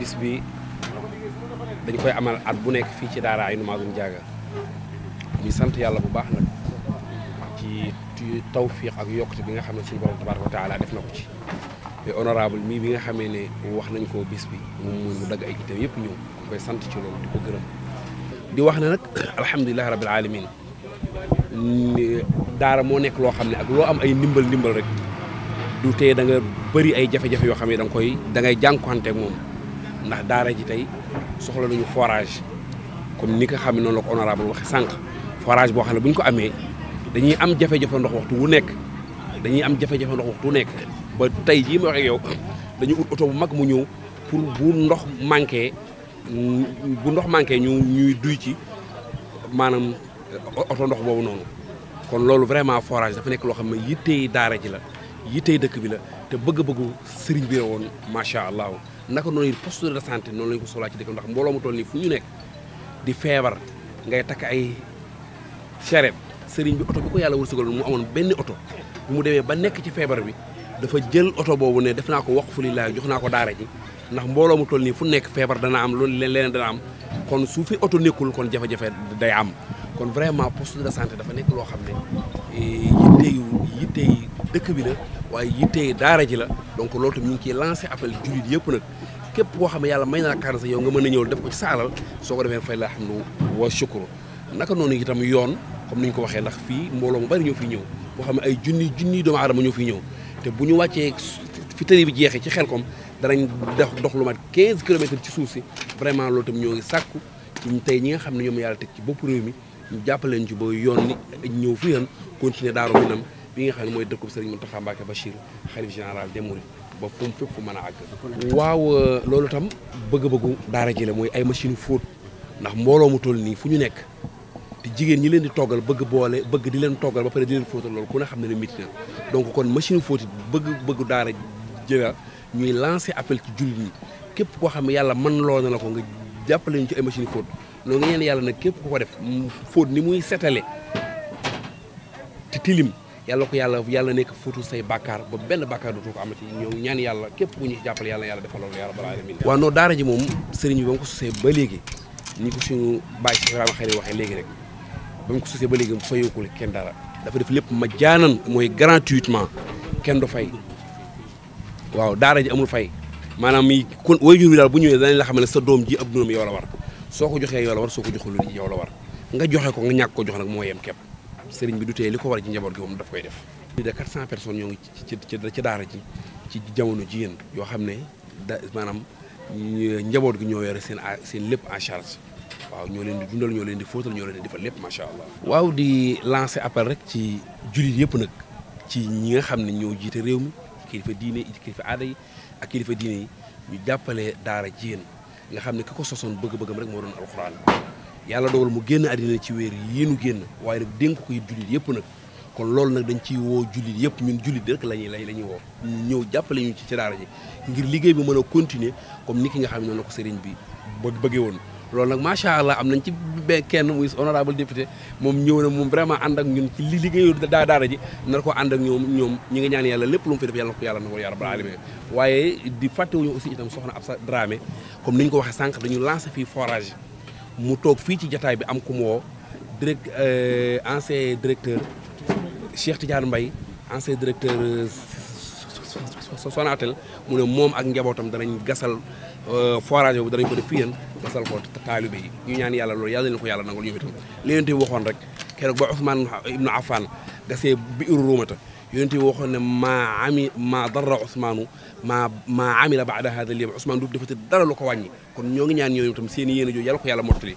bis bi dañ koy amal at bu nekk fii ci daara Aynu Maadun Jaaga di sant yàlla bu baax nag ci tawfiq ak yokkute bi nga xam ne suñu borom tabaaraka wa def na ko ci mais honorable mii bi nga xamee ne wax nañ ko bis bi moom mooy mu dagg ay itam yëpp ñëw ñu koy sant ci loolu di ko gërëm di wax ne nag alhamdulilahi rabbil alamin daara moo nekk loo xam ne ak loo am ay ndimbal ndimbal rek du te da nga ay jafe-jafe yoo xam ne da koy da ngay jànkuwante moom ndax daara ji tey soxla nañu forage comme ni nga xam ne noonu la ko waxe sànq forage boo xam ne bu ñu ko amee dañuy am jafe-jafe ndox waxtu wu nekk dañuy am jafe-jafe ndox waxtu wu nekk ba tey jii ma waxe yow dañu ut oto bu mag mu ñëw pour bu ndox manqué bu ndox manqué ñu ñuy duy ci maanaam euh, oto ndox boobu noonu kon loolu vraiment forage dafa nekk loo xam ne yittey daara ji la yittey dëkk bi la te bëgg-bëggu sëriñ bi woon macha allah. naka noonu poste de santé noonu la ko soxlaa ci dëkk ndax mbooloo mu toll nii fu ñu nekk di feebar ngay takk ay charrette sëriñ bi oto bi ko yàlla wërsëgal mu amoon benn oto bu mu demee ba nekk ci feebar bi dafa jël oto boobu ne def naa ko fu lillaahi jox naa ko daara ji ndax mbooloo mu nii fu nekk feebar dana am loolu leneen dana am kon su oto nekkul kon jafe-jafe day am kon vraiment poste de santé dafa nekk loo xam ne eh, yitte dëkk bi la waaye yittee daara ji la donc loolu tam ñu ngi ciy lancé appel jullit yëpp nag képp koo xam ne yàlla may naa kaar sa yow nga mën a ñëw def ko ci sa alal soo ko defee fay laa xam ne wa naka noonu itam yoon comme ni ko waxee ndax fii mbooloo mu bari ñoo fi ñëw boo xam ne ay junni junni doomu aadama ñoo fi ñëw te bu ñu wàccee fi bi jeexee ci Xelkom danañ dox lu mat 15 ci suuf si vraiment loolu tam ñoo ngi sàkku ci tey ñi nga xam ne ñoom yàlla teg ci bopp réew mi ñu jàppaleen ci ba yoon ni ñëw fi yan daaroo daaru minam li nga xam ne mooy dëkkub Serigne Mountakha Mbacké Bachir xalif général des Mourides ba fu mu fépp fu mën a àgg. waaw euh, loolu tam bëgg-bëggu daara ji mooy ay machine fóot ndax mbooloo mu toll nii fu ñu nekk te jigéen ñi leen di toggal bëgg boole bëgg di leen toggal ba pare di leen fóotal loolu ku ne xam ne ne métti na donc kon machine fóot bëgg bëggu daara ji ñuy lancer appel ci jullit ñi képp koo xam ne yàlla mën loo na la ko nga jàppale ñu ci ay machine fóot loo nga yàlla nag képp ku ko def fóot ni muy setale yàlla ko yàlla yàlla nekk footu say bàkkaar ba benn bàkkaar dootu ko amati ñëw ñaan yàlla képp ku ñu jàppale yàlla yàlla defal loolu yàlla balaa alamin waaw non daara ji moom sëriñ bi ba mu ko susee ba léegi ni ko suñu bàyyi si Ibrahima Xalil waxee léegi rek ba mu ko susee ba léegi mu fayokul kenn daal dafa def lépp ma jaanan mooy gratuitement kenn du fay waaw daara ji amul fay maanaam yi kon waajur bi daal bu ñëwee danañ la xam ne sa doom ji ab doom la war soo ko joxee yow la soo ko joxul yow la war nga joxe ko nga ñàkk ko jox nag moo yem képp sëriñ bi du tee li ko war ci njaboot gi moom daf koy def. plus de 400 personnes ñoo ngi ci ci ci daara ji ci jamono ji yéen yoo xam ne da maanaam njaboot gi ñoo yore seen seen lépp en charge waaw ñoo leen di dundal ñoo leen di fóotal ñoo leen di defal lépp macha allah. waaw di lancé appel rek ci jullit yëpp nag ci ñi nga xam ne ñoo jiite réew mi kilifa diine kilifa aada yi ak kilifa diine yi ñu jàppale daara ji yéen nga xam ne ki ko sosoon bëgg-bëggam rek moo doon alxuraan yàlla dogal mu génn àddina ci weer yii nu génn waaye nag dénk ko jullit yëpp nag kon loolu nag dañ ciy woo jullit yëpp ñun jullit rek la ñuy lay la woo ñu ñëw jàppale ñu ci ci daara ji ngir liggéey bi mën a continuer comme ni ki nga xam ne noonu ko sëriñ bi bëggee woon loolu nag macha allah am nañ ci be kenn mu muy honorable député moom ñëw na moom vraiment ànd ak ñun ci li liggéeyu daa daara ji nar ko ànd ak ñoom ñoom ñi ngi ñaan yàlla lépp lu mu fi def yàlla na ko yàlla na waaye yaa rabbal alamin waaye di fàttewuñu aussi itam soxna Absa Dramé comme ni ñu ko waxee sànq ñu lancé fii forage mu toog fii ci jataay bi am ku mu woo direct euh, ancien directeur Cheikh Tidiane Mbaye ancien directeur euh, Sonatel mu ne moom ak njabootam danañ gasal euh, forage bu danañ ko def fii gasal ko taalibe yi ñu ñaan yàlla loolu yàlla leen ko yàlla nangul ñu itam li yonent bi waxoon rek keroog ba Ousmane ibnu Affan gasee biiru Ruumata yonent bi waxoon ne maa ami maa darra Ousmaanu maa maa amila baada hada liyam Ousmane du defati dara lu ko wàññi kon ñoo ngi ñaan ñooñu itam seen i yéen a yàlla ko yàlla mottali